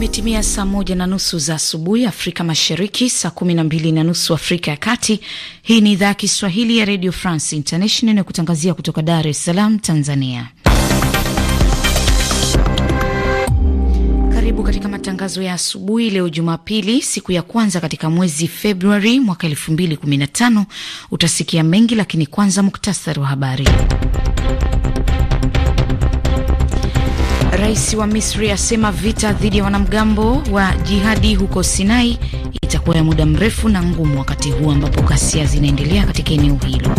Imetimia saa moja na nusu za asubuhi Afrika Mashariki, saa kumi na mbili na nusu Afrika ya Kati. Hii ni idhaa ya Kiswahili ya Radio France International inayokutangazia kutoka Dar es Salaam, Tanzania. Karibu katika matangazo ya asubuhi leo Jumapili, siku ya kwanza katika mwezi Februari mwaka elfu mbili kumi na tano. Utasikia mengi, lakini kwanza muktasari wa habari. Rais wa Misri asema vita dhidi ya wanamgambo wa jihadi huko Sinai itakuwa ya muda mrefu na ngumu, wakati huu ambapo ghasia zinaendelea katika eneo hilo.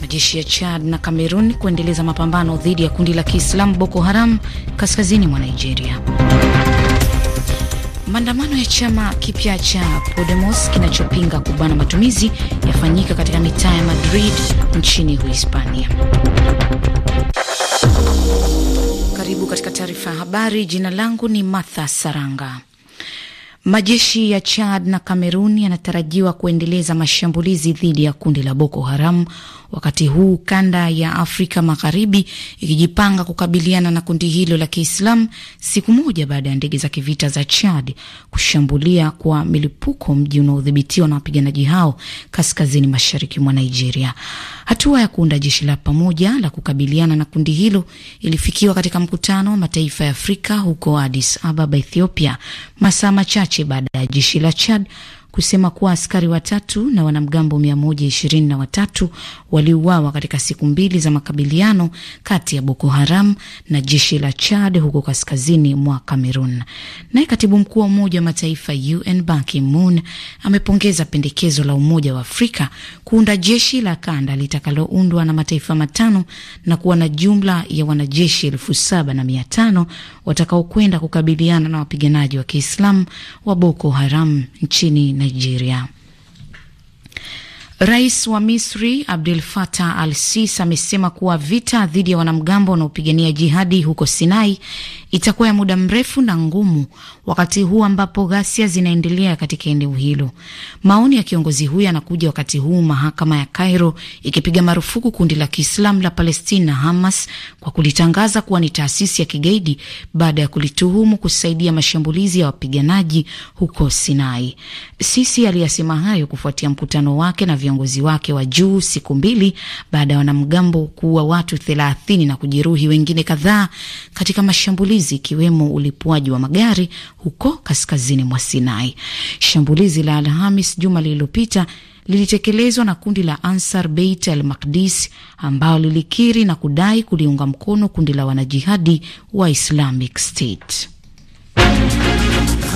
Majeshi ya Chad na Cameroon kuendeleza mapambano dhidi ya kundi la Kiislamu Boko Haram kaskazini mwa Nigeria. Maandamano ya chama kipya cha Podemos kinachopinga kubana matumizi yafanyika katika mitaa ya Madrid nchini Uhispania. Karibu katika taarifa ya habari. Jina langu ni Martha Saranga. Majeshi ya Chad na Kamerun yanatarajiwa kuendeleza mashambulizi dhidi ya kundi la Boko Haram wakati huu kanda ya Afrika Magharibi ikijipanga kukabiliana na kundi hilo la Kiislamu siku moja baada ya ndege za kivita za Chad kushambulia kwa milipuko mji unaodhibitiwa na wapiganaji hao kaskazini mashariki mwa Nigeria. Hatua ya kuunda jeshi la pamoja la kukabiliana na kundi hilo ilifikiwa katika mkutano wa mataifa ya Afrika huko Addis Ababa, Ethiopia, masaa machache baada ya jeshi la Chad kusema kuwa askari watatu na wanamgambo 123 waliuawa katika siku mbili za makabiliano kati ya Boko Haram na jeshi la Chad huko kaskazini mwa cameron Naye katibu mkuu wa Umoja wa Mataifa UN Ban Ki-moon amepongeza pendekezo la Umoja wa Afrika kuunda jeshi la kanda litakaloundwa na mataifa matano na kuwa na jumla ya wanajeshi elfu saba na mia tano watakaokwenda kukabiliana na wapiganaji wa Kiislamu wa Boko Haram nchini Nigeria. Rais wa Misri abdul fatah al Sisi amesema kuwa vita dhidi ya wanamgambo wanaopigania jihadi huko Sinai itakuwa ya muda mrefu na ngumu, wakati huu ambapo ghasia zinaendelea katika eneo hilo. Maoni ya kiongozi huyo yanakuja wakati huu mahakama ya Cairo ikipiga marufuku kundi la Kiislamu la Palestina Hamas kwa kulitangaza kuwa ni taasisi ya kigaidi baada ya kulituhumu kusaidia mashambulizi ya wapiganaji huko Sinai. Sisi aliyasema hayo kufuatia mkutano wake na viongozi wake wa juu siku mbili baada ya wanamgambo kuua watu thelathini na kujeruhi wengine kadhaa katika mashambulizi ikiwemo ulipuaji wa magari huko kaskazini mwa Sinai. Shambulizi la Alhamis juma lililopita lilitekelezwa na kundi la Ansar Beit al makdis ambao lilikiri na kudai kuliunga mkono kundi la wanajihadi wa Islamic State.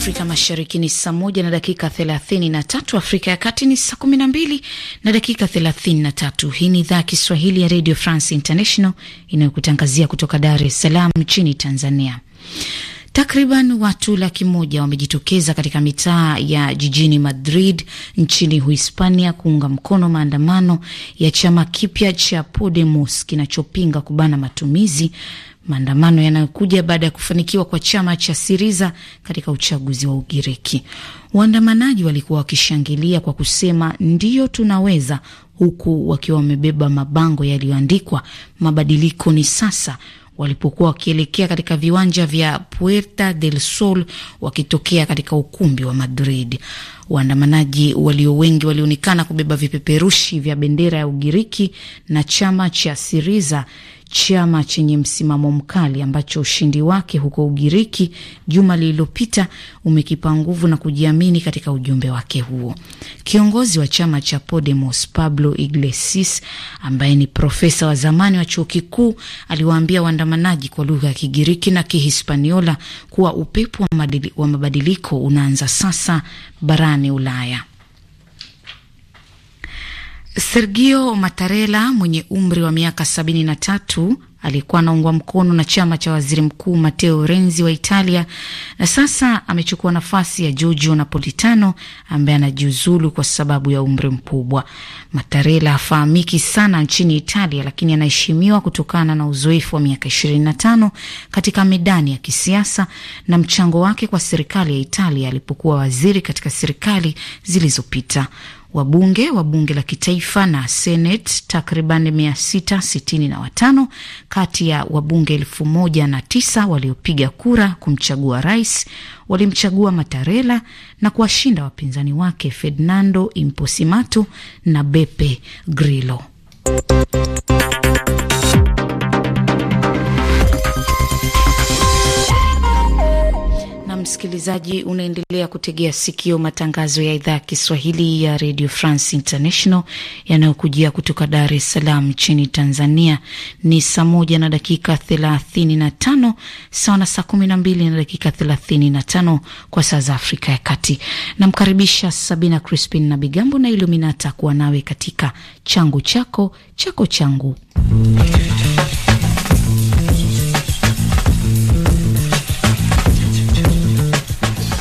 Afrika Mashariki ni saa moja na dakika thelathini na tatu. Afrika ya Kati ni saa kumi na mbili na dakika thelathini na tatu. Hii ni idhaa ya Kiswahili ya Radio France International inayokutangazia kutoka Dar es Salaam nchini Tanzania. Takriban watu laki moja wamejitokeza katika mitaa ya jijini Madrid nchini Uhispania kuunga mkono maandamano ya chama kipya cha Podemos kinachopinga kubana matumizi maandamano yanayokuja baada ya kufanikiwa kwa chama cha Siriza katika uchaguzi wa Ugiriki. Waandamanaji walikuwa wakishangilia kwa kusema ndiyo tunaweza, huku wakiwa wamebeba mabango yaliyoandikwa mabadiliko ni sasa, walipokuwa wakielekea katika viwanja vya Puerta del Sol wakitokea katika ukumbi wa Madrid. Waandamanaji walio wengi walionekana kubeba vipeperushi vya bendera ya Ugiriki na chama cha Siriza chama chenye msimamo mkali ambacho ushindi wake huko Ugiriki juma lililopita umekipa nguvu na kujiamini katika ujumbe wake huo. Kiongozi wa chama cha Podemos Pablo Iglesias, ambaye ni profesa wa zamani wa chuo kikuu, aliwaambia waandamanaji kwa lugha ya Kigiriki na Kihispaniola kuwa upepo wa mabadiliko unaanza sasa barani Ulaya. Sergio Mattarella mwenye umri wa miaka tatu aliyekuwa anaungwa mkono na chama cha waziri mkuu Matteo Renzi wa Italia na sasa amechukua nafasi ya Giorgio Napolitano ambaye anajiuzulu kwa sababu ya umri mkubwa. Mattarella hafahamiki sana nchini Italia, lakini anaheshimiwa kutokana na uzoefu wa miaka 25 katika medani ya kisiasa na mchango wake kwa serikali ya Italia alipokuwa waziri katika serikali zilizopita. Wabunge wa bunge la kitaifa na seneti takriban 665 kati ya wabunge elfu moja na tisa waliopiga kura kumchagua rais walimchagua Matarela na kuwashinda wapinzani wake Ferdinando Imposimato na Beppe Grillo. msikilizaji, unaendelea kutegea sikio matangazo ya idhaa ya Kiswahili ya Radio France International yanayokujia kutoka Dar es Salaam nchini Tanzania. Ni saa moja na dakika thelathini na tano sawa na saa kumi na mbili na dakika thelathini na tano kwa saa za Afrika ya Kati. Namkaribisha Sabina Crispin na Bigambo na Iluminata kuwa nawe katika changu chako chako changu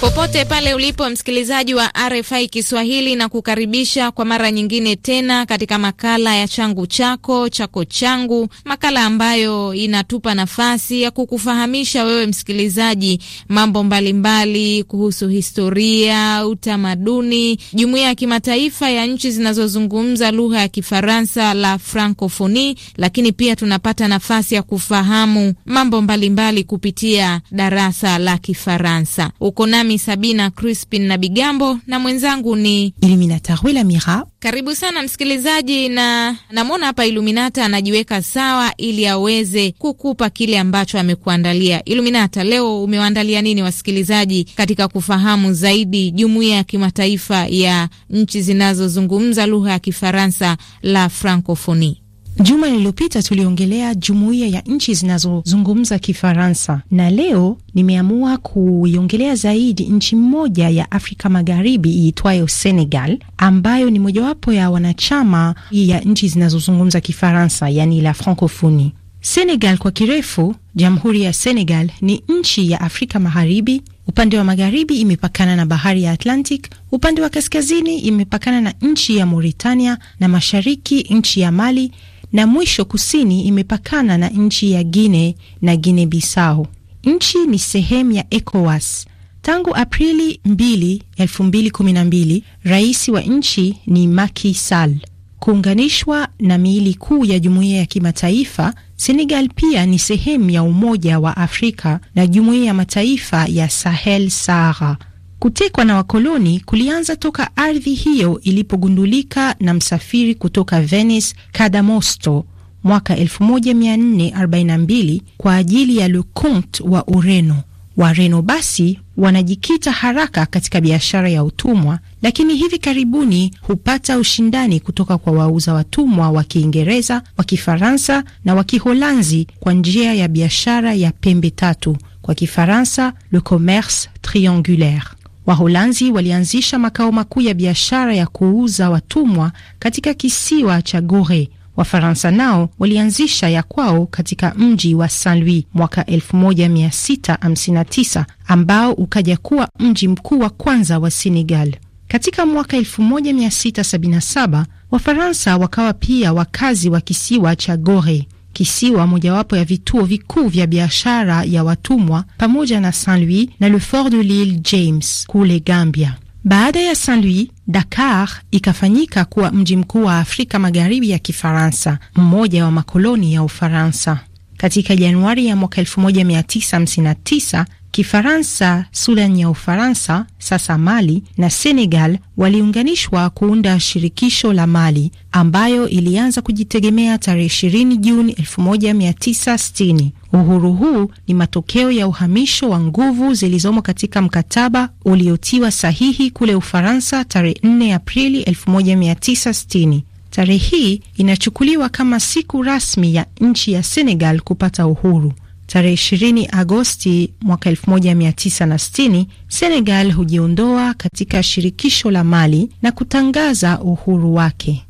Popote pale ulipo msikilizaji wa RFI Kiswahili, na kukaribisha kwa mara nyingine tena katika makala ya changu chako chako changu, makala ambayo inatupa nafasi ya kukufahamisha wewe msikilizaji mambo mbalimbali mbali, kuhusu historia, utamaduni, jumuiya ya kimataifa ya nchi zinazozungumza lugha ya Kifaransa la francofoni lakini pia tunapata nafasi ya kufahamu mambo mbalimbali mbali kupitia darasa la Kifaransa. Uko nami nami Sabina Crispin na Bigambo na mwenzangu ni Iluminata Rwela Mira. Karibu sana msikilizaji, na namwona hapa Iluminata anajiweka sawa ili aweze kukupa kile ambacho amekuandalia. Iluminata, leo umewaandalia nini wasikilizaji katika kufahamu zaidi jumuiya ya kimataifa ya nchi zinazozungumza lugha ya Kifaransa la Francophonie? Juma lililopita tuliongelea jumuiya ya nchi zinazozungumza Kifaransa, na leo nimeamua kuiongelea zaidi nchi moja ya Afrika Magharibi iitwayo Senegal, ambayo ni mojawapo ya wanachama ya nchi zinazozungumza Kifaransa, yani la francofoni Senegal kwa kirefu, Jamhuri ya Senegal ni nchi ya Afrika Magharibi. Upande wa magharibi imepakana na bahari ya Atlantic, upande wa kaskazini imepakana na nchi ya Mauritania na mashariki nchi ya Mali na mwisho kusini imepakana na nchi ya guine na Guine Bissau. Nchi ni sehemu ya ECOWAS. Tangu Aprili 2, 2012, rais wa nchi ni Macky Sall. Kuunganishwa na miili kuu ya jumuiya ya kimataifa, Senegal pia ni sehemu ya Umoja wa Afrika na Jumuiya ya Mataifa ya Sahel Sahara Kutekwa na wakoloni kulianza toka ardhi hiyo ilipogundulika na msafiri kutoka Venice Cadamosto mwaka 1442 kwa ajili ya Leconte wa Ureno. Wareno basi wanajikita haraka katika biashara ya utumwa, lakini hivi karibuni hupata ushindani kutoka kwa wauza watumwa wa Kiingereza, wa Kifaransa na wa Kiholanzi kwa njia ya biashara ya pembe tatu, kwa Kifaransa le commerce triangulaire. Waholanzi walianzisha makao makuu ya biashara ya kuuza watumwa katika kisiwa cha Gore. Wafaransa nao walianzisha ya kwao katika mji wa Saint Louis mwaka 1659 ambao ukaja kuwa mji mkuu wa kwanza wa Senegal. Katika mwaka 1677 Wafaransa wakawa pia wakazi wa kisiwa cha Gore kisiwa mojawapo ya vituo vikuu vya biashara ya watumwa, pamoja na Saint Louis na le fort de l'Ile James kule Gambia. Baada ya Saint Louis, Dakar ikafanyika kuwa mji mkuu wa Afrika Magharibi ya Kifaransa, mmoja wa makoloni ya Ufaransa. Katika Januari ya mwaka 1959 Kifaransa, Sudan ya Ufaransa, sasa Mali na Senegal waliunganishwa kuunda shirikisho la Mali ambayo ilianza kujitegemea tarehe 20 Juni 1960. Uhuru huu ni matokeo ya uhamisho wa nguvu zilizomo katika mkataba uliotiwa sahihi kule Ufaransa tarehe 4 Aprili 1960. Tarehe hii inachukuliwa kama siku rasmi ya nchi ya Senegal kupata uhuru tarehe 20 Agosti mwaka 1960 Senegal hujiondoa katika shirikisho la Mali na kutangaza uhuru wake.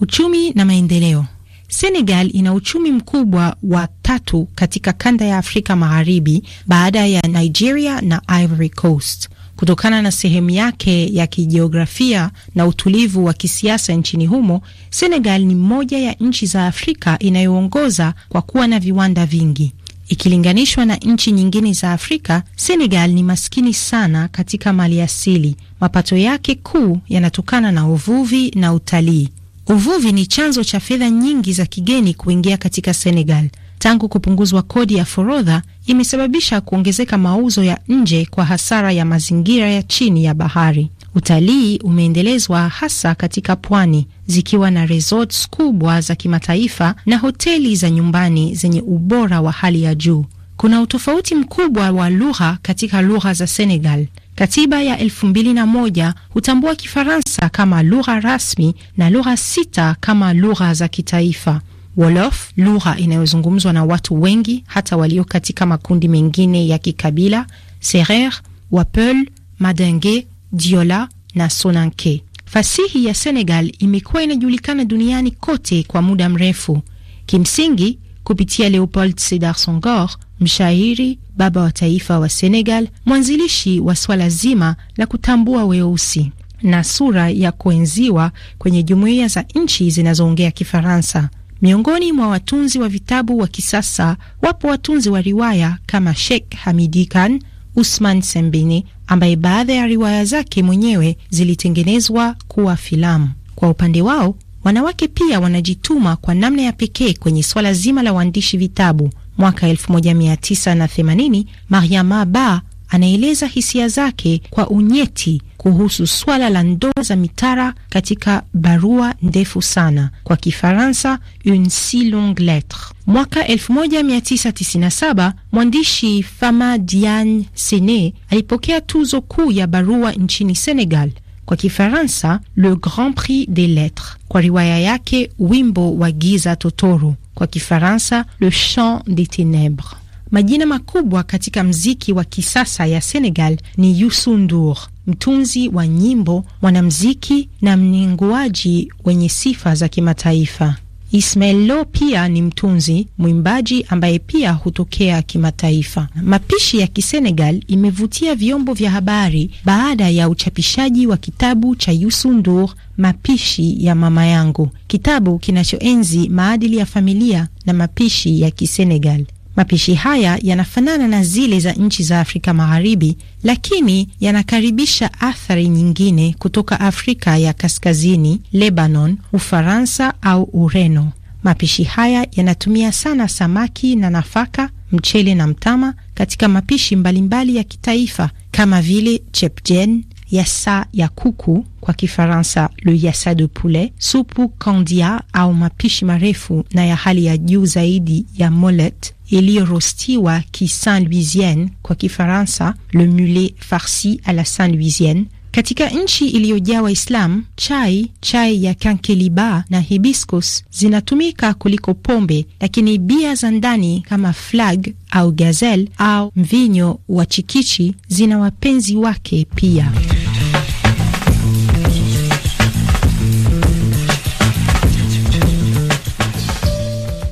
Uchumi na maendeleo. Senegal ina uchumi mkubwa wa tatu katika kanda ya Afrika Magharibi baada ya Nigeria na Ivory Coast kutokana na sehemu yake ya kijiografia na utulivu wa kisiasa nchini humo, Senegal ni moja ya nchi za Afrika inayoongoza kwa kuwa na viwanda vingi. Ikilinganishwa na nchi nyingine za Afrika, Senegal ni maskini sana katika mali asili. Mapato yake kuu yanatokana na uvuvi na utalii. Uvuvi ni chanzo cha fedha nyingi za kigeni kuingia katika Senegal. Tangu kupunguzwa kodi ya forodha, imesababisha kuongezeka mauzo ya nje kwa hasara ya mazingira ya chini ya bahari. Utalii umeendelezwa hasa katika pwani zikiwa na resorts kubwa za kimataifa na hoteli za nyumbani zenye ubora wa hali ya juu. Kuna utofauti mkubwa wa lugha katika lugha za Senegal. Katiba ya elfu mbili na moja hutambua Kifaransa kama lugha rasmi na lugha sita kama lugha za kitaifa. Wolof, lugha inayozungumzwa na watu wengi hata walio katika makundi mengine ya kikabila. Serer, Wapel, Madenge Diola na sonanke Fasihi ya Senegal imekuwa inajulikana duniani kote kwa muda mrefu, kimsingi kupitia Leopold Sedar Senghor, mshairi, baba wa taifa wa Senegal, mwanzilishi wa swala zima la kutambua weusi na sura ya kuenziwa kwenye jumuiya za nchi zinazoongea Kifaransa. Miongoni mwa watunzi wa vitabu wa kisasa wapo watunzi wa riwaya kama Sheikh Hamidi Khan Usman Sembini ambaye baadhi ya riwaya zake mwenyewe zilitengenezwa kuwa filamu. Kwa upande wao, wanawake pia wanajituma kwa namna ya pekee kwenye swala zima la uandishi vitabu. Mwaka 1980 Mariama Ba anaeleza hisia zake kwa unyeti kuhusu swala la ndoa za mitara katika barua ndefu sana kwa Kifaransa, une si longue lettre. Mwaka 1997 mwandishi Fama Diagne Sene alipokea tuzo kuu ya barua nchini Senegal, kwa Kifaransa le Grand Prix des Lettres, kwa riwaya yake wimbo wa giza totoro, kwa Kifaransa le chant des tenebres. Majina makubwa katika mziki wa kisasa ya Senegal ni Youssou Ndour, mtunzi wa nyimbo, mwanamziki na mninguaji wenye sifa za kimataifa. ismael Lo pia ni mtunzi mwimbaji ambaye pia hutokea kimataifa. Mapishi ya Kisenegal imevutia vyombo vya habari baada ya uchapishaji wa kitabu cha Youssou Ndour, Mapishi ya Mama Yangu, kitabu kinachoenzi maadili ya familia na mapishi ya Kisenegal. Mapishi haya yanafanana na zile za nchi za Afrika Magharibi, lakini yanakaribisha athari nyingine kutoka Afrika ya Kaskazini, Lebanon, Ufaransa au Ureno. Mapishi haya yanatumia sana samaki na nafaka, mchele na mtama katika mapishi mbalimbali ya kitaifa kama vile chepjen, sa ya kuku kwa Kifaransa, le yassa de poulet, supu kandia au mapishi marefu na ya hali ya juu zaidi ya molet iliyorostiwa kisaint-louisienne, kwa Kifaransa le mulet farci à la saint-louisienne. Katika nchi iliyojaa Waislamu, chai, chai ya kankeliba na hibiscus zinatumika kuliko pombe, lakini bia za ndani kama flag au gazel au mvinyo wa chikichi zina wapenzi wake pia.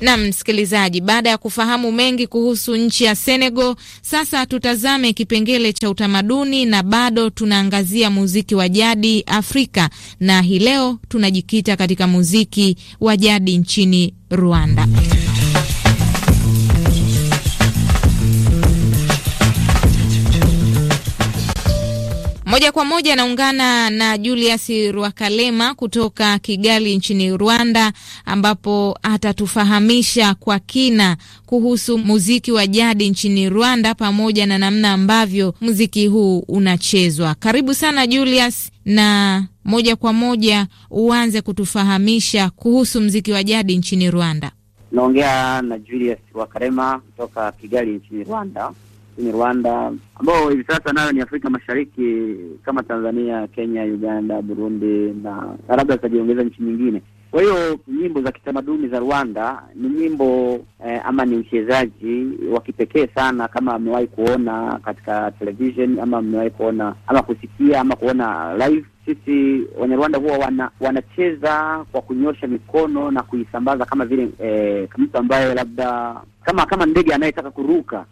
Nam msikilizaji, baada ya kufahamu mengi kuhusu nchi ya Senegal, sasa tutazame kipengele cha utamaduni, na bado tunaangazia muziki wa jadi Afrika, na hii leo tunajikita katika muziki wa jadi nchini Rwanda. Moja kwa moja naungana na Julius Rwakalema kutoka Kigali nchini Rwanda, ambapo atatufahamisha kwa kina kuhusu muziki wa jadi nchini Rwanda pamoja na namna ambavyo muziki huu unachezwa. Karibu sana Julius, na moja kwa moja uanze kutufahamisha kuhusu muziki wa jadi nchini Rwanda. Naongea na Julius Rwakalema kutoka Kigali nchini Rwanda nchini Rwanda, ambao hivi sasa nayo ni Afrika Mashariki kama Tanzania, Kenya, Uganda, Burundi na labda zitajiongeza nchi nyingine. Kwa hiyo nyimbo za kitamaduni za Rwanda ni nyimbo eh, ama ni uchezaji wa kipekee sana, kama amewahi kuona katika television ama amewahi kuona ama kusikia ama kuona live. Sisi Wanyarwanda huwa wana, wanacheza kwa kunyosha mikono na kuisambaza kama vile eh, mtu ambaye labda kama kama ndege anayetaka kuruka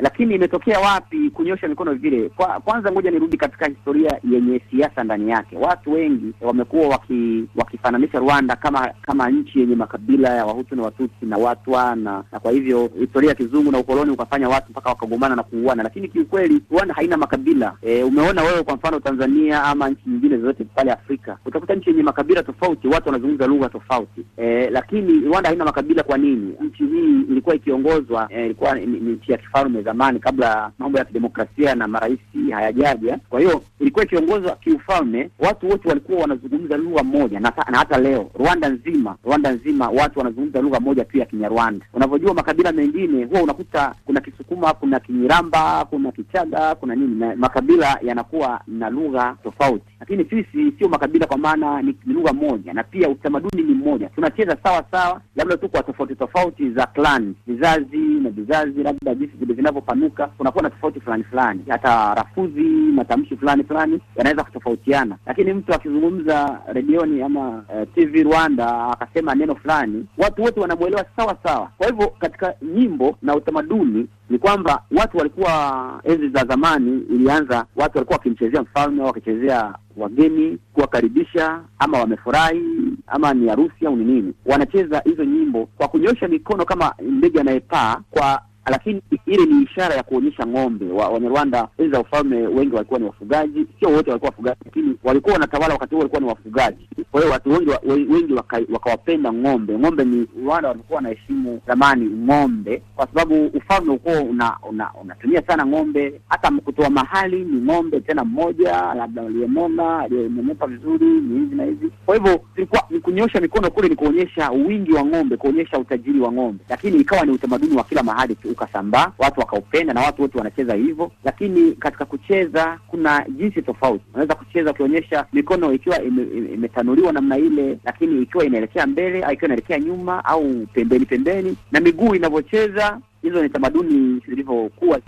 lakini imetokea wapi kunyosha mikono vile? Kwa, kwanza ngoja nirudi katika historia yenye siasa ndani yake. Watu wengi wamekuwa waki, wakifananisha Rwanda kama kama nchi yenye makabila ya Wahutu na Watutsi na Watwa na, na kwa hivyo historia ya kizungu na ukoloni ukafanya watu mpaka wakagombana na kuuana, lakini kiukweli Rwanda haina makabila. E, umeona wewe kwa mfano Tanzania ama nchi nyingine zote pale Afrika utakuta nchi yenye makabila tofauti, watu wanazungumza lugha tofauti. E, lakini Rwanda haina makabila. Kwa nini? Nchi hii ilikuwa ikiongozwa e, ilikuwa ni nchi ya kifalme zamani, kabla mambo ya kidemokrasia na marais hayajaja. Kwa hiyo ilikuwa ikiongozwa kiufalme, watu wote walikuwa wanazungumza lugha moja na, na hata leo Rwanda nzima, Rwanda nzima watu wanazungumza lugha moja tu ya Kinyarwanda. Unavyojua makabila mengine huwa unakuta kuna Kisukuma, kuna Kinyiramba, kuna Kichaga, kuna nini na makabila yanakuwa na lugha tofauti, lakini sisi sio makabila, kwa maana ni lugha moja na pia utamaduni ni mmoja, tunacheza sawa sawa, labda tu kwa tofauti tofauti za clan, vizazi na vizazi, labda jinsi vinavyo vinavyopanuka kunakuwa na tofauti fulani fulani, hata rafuzi matamshi fulani fulani yanaweza kutofautiana, lakini mtu akizungumza redioni ama eh, TV Rwanda akasema neno fulani, watu wote wanamwelewa sawa sawa. Kwa hivyo katika nyimbo na utamaduni ni kwamba watu walikuwa, enzi za zamani ilianza, watu walikuwa wakimchezea mfalme au wakichezea wageni kuwakaribisha, ama wamefurahi, ama ni harusi au ni nini, wanacheza hizo nyimbo kwa kunyosha mikono kama ndege anayepaa kwa lakini ile ni ishara ya kuonyesha ng'ombe wa Wanyarwanda enzi za ufalme, wengi walikuwa ni wafugaji. Sio wote walikuwa wafugaji, lakini walikuwa wanatawala wakati huo walikuwa ni wafugaji. Kwa hiyo watu wengi wengi wakawapenda waka ng'ombe. Ng'ombe ni Rwanda walikuwa wanaheshimu zamani ng'ombe, kwa sababu ufalme ulikuwa una, una, unatumia sana ng'ombe. Hata mkutoa mahali ni ng'ombe tena mmoja, labda aliyenona aliyenenepa vizuri, ni hivi na hivi Kwa hivyo ilikuwa ni kunyosha mikono kule, ni kuonyesha wingi wa ng'ombe, kuonyesha utajiri wa ng'ombe, lakini ikawa ni utamaduni wa kila mahali tu ukasambaa, watu wakaupenda, na watu wote wanacheza hivyo. Lakini katika kucheza kuna jinsi tofauti, unaweza kucheza ukionyesha mikono ikiwa imetanuliwa ime, ime namna ile, lakini ikiwa inaelekea mbele au ikiwa inaelekea nyuma au pembeni pembeni, na miguu inavyocheza. Hizo ni tamaduni zilivyokuwa.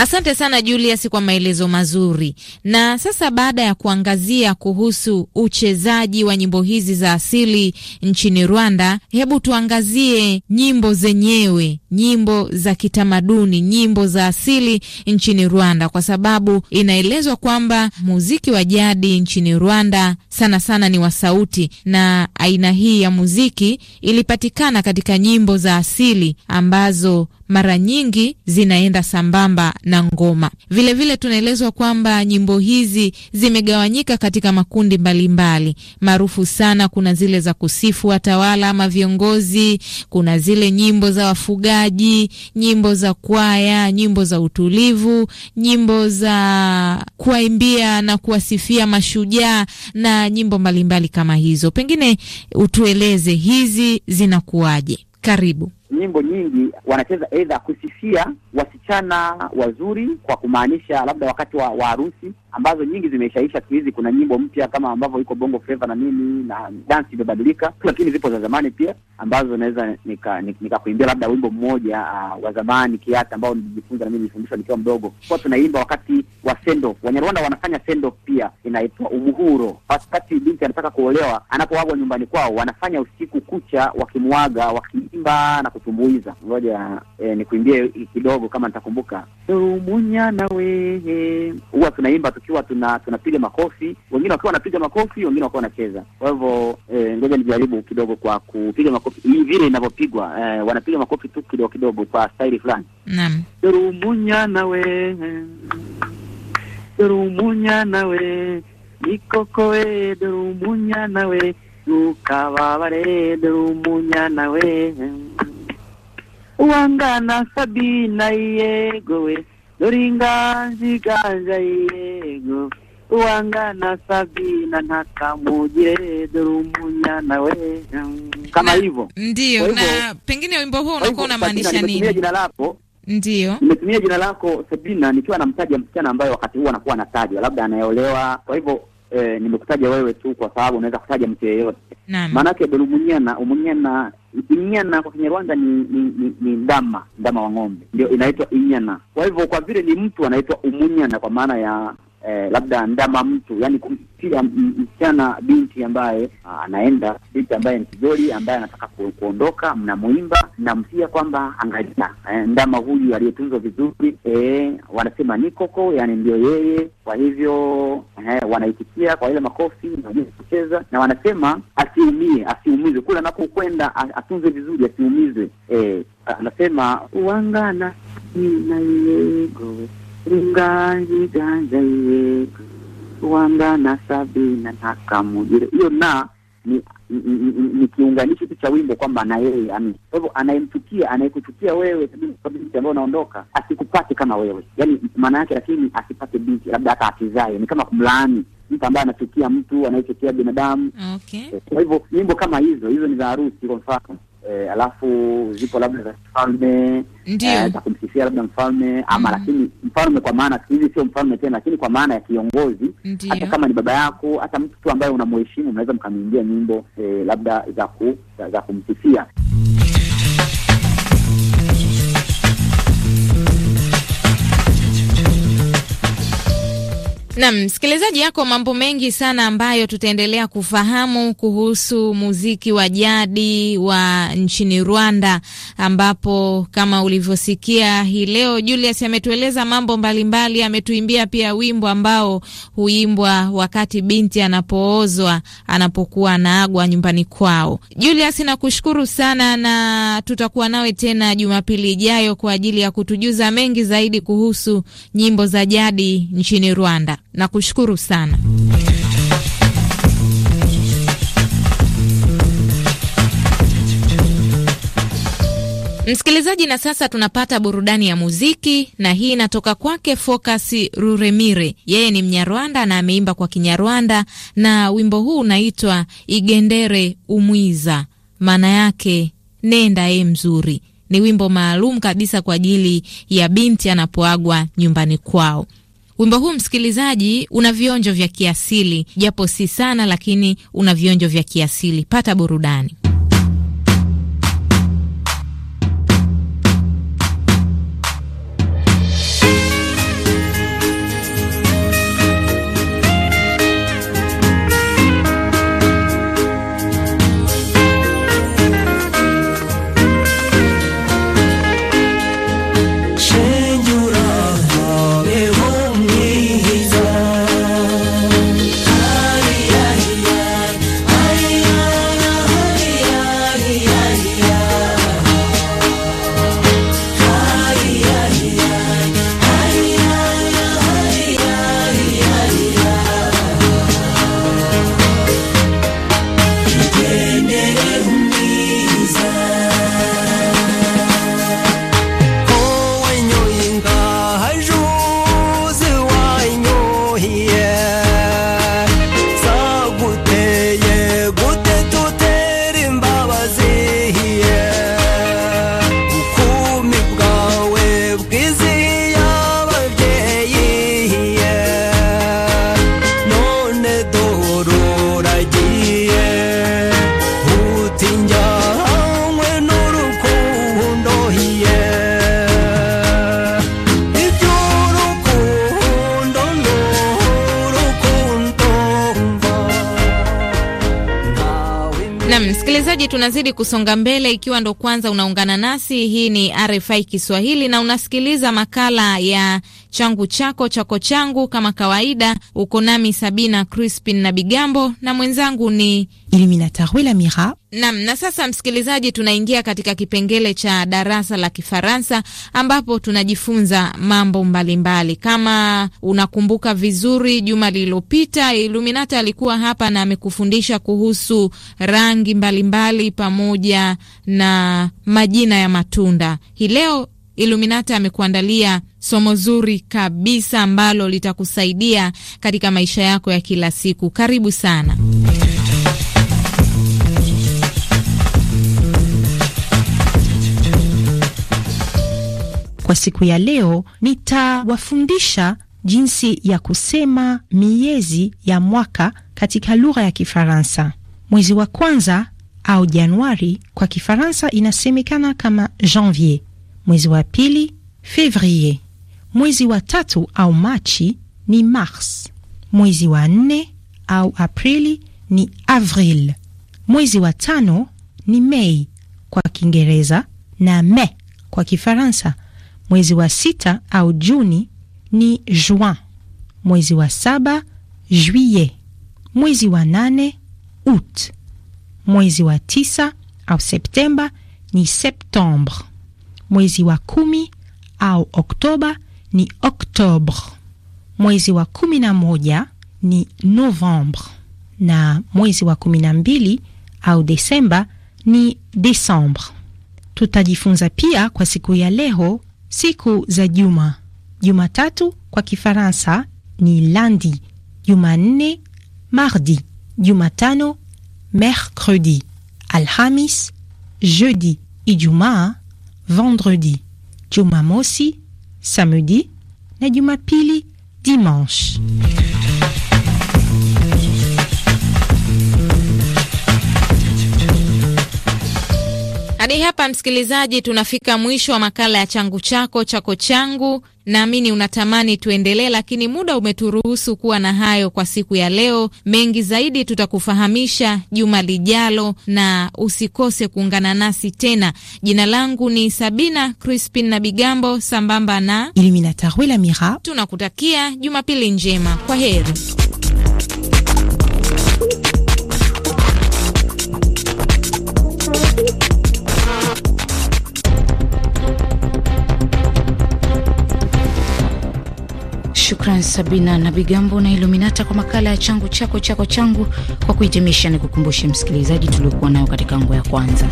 Asante sana Julius kwa maelezo mazuri. Na sasa baada ya kuangazia kuhusu uchezaji wa nyimbo hizi za asili nchini Rwanda, hebu tuangazie nyimbo zenyewe, nyimbo za kitamaduni, nyimbo za asili nchini Rwanda, kwa sababu inaelezwa kwamba muziki wa jadi nchini Rwanda sana sana ni wa sauti, na aina hii ya muziki ilipatikana katika nyimbo za asili ambazo mara nyingi zinaenda sambamba na ngoma. Vilevile tunaelezwa kwamba nyimbo hizi zimegawanyika katika makundi mbalimbali. Maarufu sana kuna zile za kusifu watawala ama viongozi, kuna zile nyimbo za wafugaji, nyimbo za kwaya, nyimbo za utulivu, nyimbo za kuwaimbia na kuwasifia mashujaa na nyimbo mbalimbali mbali kama hizo. Pengine utueleze hizi zinakuwaje? Karibu nyimbo nyingi wanacheza aidha kusifia wasichana wazuri kwa kumaanisha labda wakati wa harusi ambazo nyingi zimeshaisha Siku hizi kuna nyimbo mpya kama ambavyo iko Bongo Flava na nini na dance imebadilika, lakini zipo za zamani pia ambazo naweza nikakuimbia nika, nika labda wimbo mmoja uh, wa zamani kiasi ambao nilijifunza na mimi nilifundishwa nikiwa mdogo, kwa tunaimba wakati wa sendo. Wanyarwanda wanafanya sendo pia, inaitwa umuhuro. Wakati binti anataka kuolewa, anapoagwa nyumbani kwao, wanafanya usiku kucha wakimwaga, wakiimba na kutumbuiza. Ngoja eh, nikuimbie kidogo kama nitakumbuka. Umunya na wehe, eh. huwa tunaimba tukiwa tuna tunapiga makofi, wengine wakiwa wanapiga makofi, wengine wakiwa wanacheza. Kwa hivyo eh, ngoja nijaribu kidogo kwa kupiga makofi hii vile inavyopigwa, eh, wanapiga makofi tu kidogo kidogo kwa staili fulani. Naam, Rumunya nawe Rumunya nawe nikokoe Rumunya nawe ukababare Rumunya nawe wangana sabina yegowe dore ingajiganja yego uwangana sabina ntakamujire dore umunyana we kama hivyo ndio. Na pengine wimbo huo unakuwa unamaanisha nini? Jina lako ndio nimetumia jina lako Sabina, nikiwa namtaja msichana ambaye wakati huu anakuwa anatajwa, labda anayeolewa. Kwa hivyo e, nimekutaja wewe tu kwa sababu unaweza kutaja mtu yeyote. Maanake umunyana umunyana Inyana kwa Kinyarwanda ni ni, ni ni ndama ndama wa ng'ombe, ndio inaitwa Inyana. Kwa hivyo kwa vile ni mtu anaitwa Umunyana kwa maana ya eh, labda ndama mtu, yani kumtia msichana binti ambaye ah, anaenda binti ambaye ni kigoli ambaye anataka ku, kuondoka, mnamuimba mnamtia kwamba angalia, eh, ndama huyu aliyetunzwa vizuri eh, wanasema ni koko, yani ndio yeye. Kwa hivyo eh, wanaitikia kwa ile makofi na kucheza, na wanasema asiumie, asiumizwe kule anapokwenda, atunze vizuri, asiumizwe. Eh, anasema uangana ni na yego ingangiganja yetu wangana sabina Kamujire. hiyo na ni ni kiunganishi tu cha wimbo kwamba na yeye ami. Kwa hivyo anayemchukia, anayekuchukia wewe, binti ambayo unaondoka asikupate kama wewe, yani maana yake, lakini asipate binti, labda hata akizae, ni kama kumlaani mtu ambaye anachukia mtu anayechukia binadamu. Okay, eh, kwa hivyo nyimbo kama hizo hizo ni za harusi kwa mfano. E, alafu zipo labda za kifalme ndio, eh, kumhusisha labda mfalme ama mm. Lakini mfalme kwa maana siku hizi sio mfalme tena, lakini kwa maana ya kiongozi, hata kama ni baba yako, hata mtu tu ambaye unamheshimu, mnaweza mkamwimbia nyimbo eh, labda za ku, za kumsifia. Nam msikilizaji, yako mambo mengi sana ambayo tutaendelea kufahamu kuhusu muziki wa jadi wa nchini Rwanda, ambapo kama ulivyosikia hii leo Julius ametueleza mambo mbalimbali, ametuimbia pia wimbo ambao huimbwa wakati binti anapoozwa, anapokuwa anaagwa nyumbani kwao. Julius, nakushukuru sana na tutakuwa nawe tena Jumapili ijayo kwa ajili ya kutujuza mengi zaidi kuhusu nyimbo za jadi nchini Rwanda. Nakushukuru sana. Msikilizaji, na sasa tunapata burudani ya muziki, na hii inatoka kwake Focus Ruremire. Yeye ni Mnyarwanda na ameimba kwa Kinyarwanda, na wimbo huu unaitwa Igendere Umwiza, maana yake nenda ye mzuri. Ni wimbo maalum kabisa kwa ajili ya binti anapoagwa nyumbani kwao. Wimbo huu msikilizaji, una vionjo vya kiasili, japo si sana, lakini una vionjo vya kiasili. Pata burudani. Msikilizaji, tunazidi kusonga mbele. Ikiwa ndo kwanza unaungana nasi, hii ni RFI Kiswahili na unasikiliza makala ya changu chako chako changu. Kama kawaida, uko nami Sabina Crispin na Bigambo na mwenzangu ni Iluminata Rwela Mira. Nam, na sasa msikilizaji, tunaingia katika kipengele cha darasa la Kifaransa ambapo tunajifunza mambo mbalimbali mbali. Kama unakumbuka vizuri, juma lililopita Iluminata alikuwa hapa na amekufundisha kuhusu rangi mbalimbali mbali pamoja na majina ya matunda. Hii leo Iluminata amekuandalia somo zuri kabisa ambalo litakusaidia katika maisha yako ya kila siku. Karibu sana. Kwa siku ya leo nitawafundisha jinsi ya kusema miezi ya mwaka katika lugha ya Kifaransa. Mwezi wa kwanza au Januari kwa Kifaransa inasemekana kama Janvier. Mwezi wa pili Fevrier. Mwezi wa tatu au Machi ni Mars. Mwezi wa nne au Aprili ni Avril. Mwezi wa tano ni Mei kwa Kiingereza na me kwa Kifaransa. Mwezi wa sita au Juni ni Juin. Mwezi wa saba Juillet. Mwezi wa nane Août. Mwezi wa tisa au Septemba ni Septembre. Mwezi wa kumi au Oktoba ni Octobre. Mwezi wa kumi na moja ni Novembre, na mwezi wa kumi na mbili au Desemba ni Desembre. Tutajifunza pia kwa siku ya leo siku za juma. Jumatatu kwa Kifaransa ni lundi, Jumanne mardi, Jumatano mercredi, Alhamis jeudi, Ijumaa vendredi, Jumamosi, samedi na Jumapili, dimanche. Hadi hapa msikilizaji, tunafika mwisho wa makala ya changu chako chako changu Naamini unatamani tuendelee, lakini muda umeturuhusu kuwa na hayo kwa siku ya leo. Mengi zaidi tutakufahamisha juma lijalo, na usikose kuungana nasi tena. Jina langu ni Sabina Crispin na Bigambo, sambamba na Iluminata Rwela Mira. Tunakutakia Jumapili njema, kwa heri. Shukran Sabina na Bigambo na Iluminata kwa makala ya changu chako chako changu. Kwa kuhitimisha, ni kukumbushe msikilizaji tuliokuwa nayo katika ngo ya kwanza.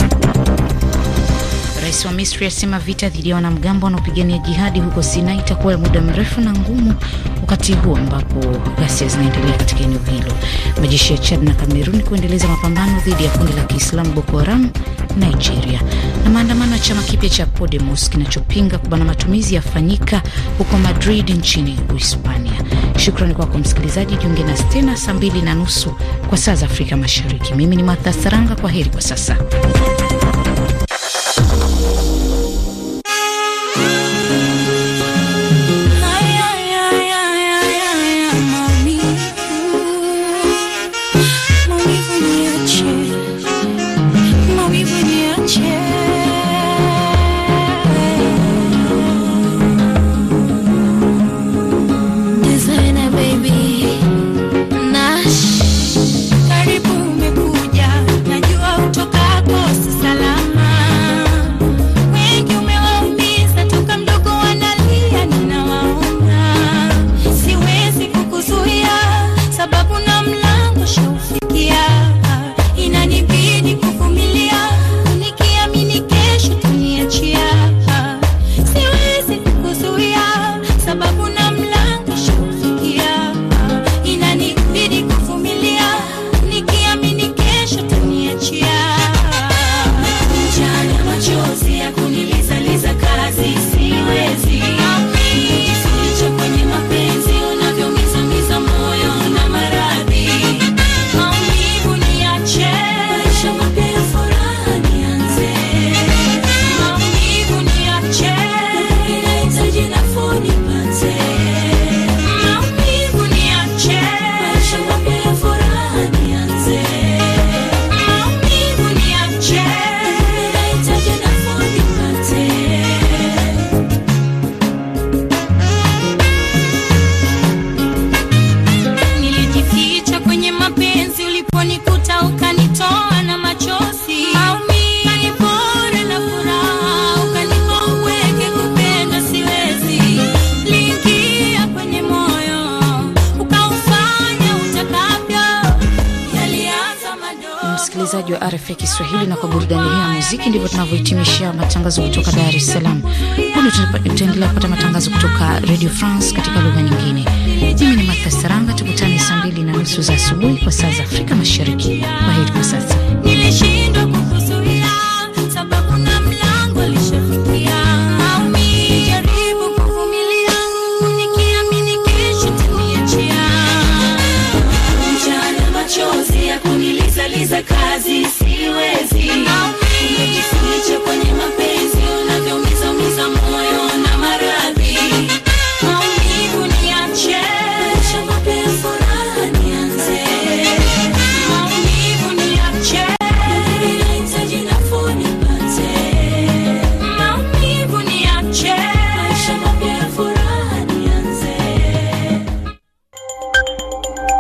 Rais wa Misri asema vita dhidi ya wanamgambo wanaopigania jihadi huko Sinai itakuwa ya muda mrefu na ngumu, wakati huu ambapo ghasia zinaendelea katika eneo hilo. Majeshi ya Chad na Kamerun kuendeleza mapambano dhidi ya kundi la Kiislamu Boko Haram Nigeria. Na maandamano ya chama kipya cha Podemos kinachopinga kubana matumizi yafanyika huko Madrid nchini Uhispania. Shukrani kwako msikilizaji, jiunge nasi tena saa mbili na nusu kwa saa za Afrika Mashariki. Mimi ni Martha Saranga, kwa heri kwa sasa. msikilizaji wa RFI Kiswahili, na kwa burudani hii ya muziki ndivyo tunavyohitimishia matangazo kutoka Dar es Salaam. Bado tutaendelea kupata matangazo kutoka Radio France katika lugha nyingine. Mimi ni Martha Saranga, tukutane saa mbili na nusu za asubuhi kwa saa za Afrika Mashariki. Kwaheri kwa sasa.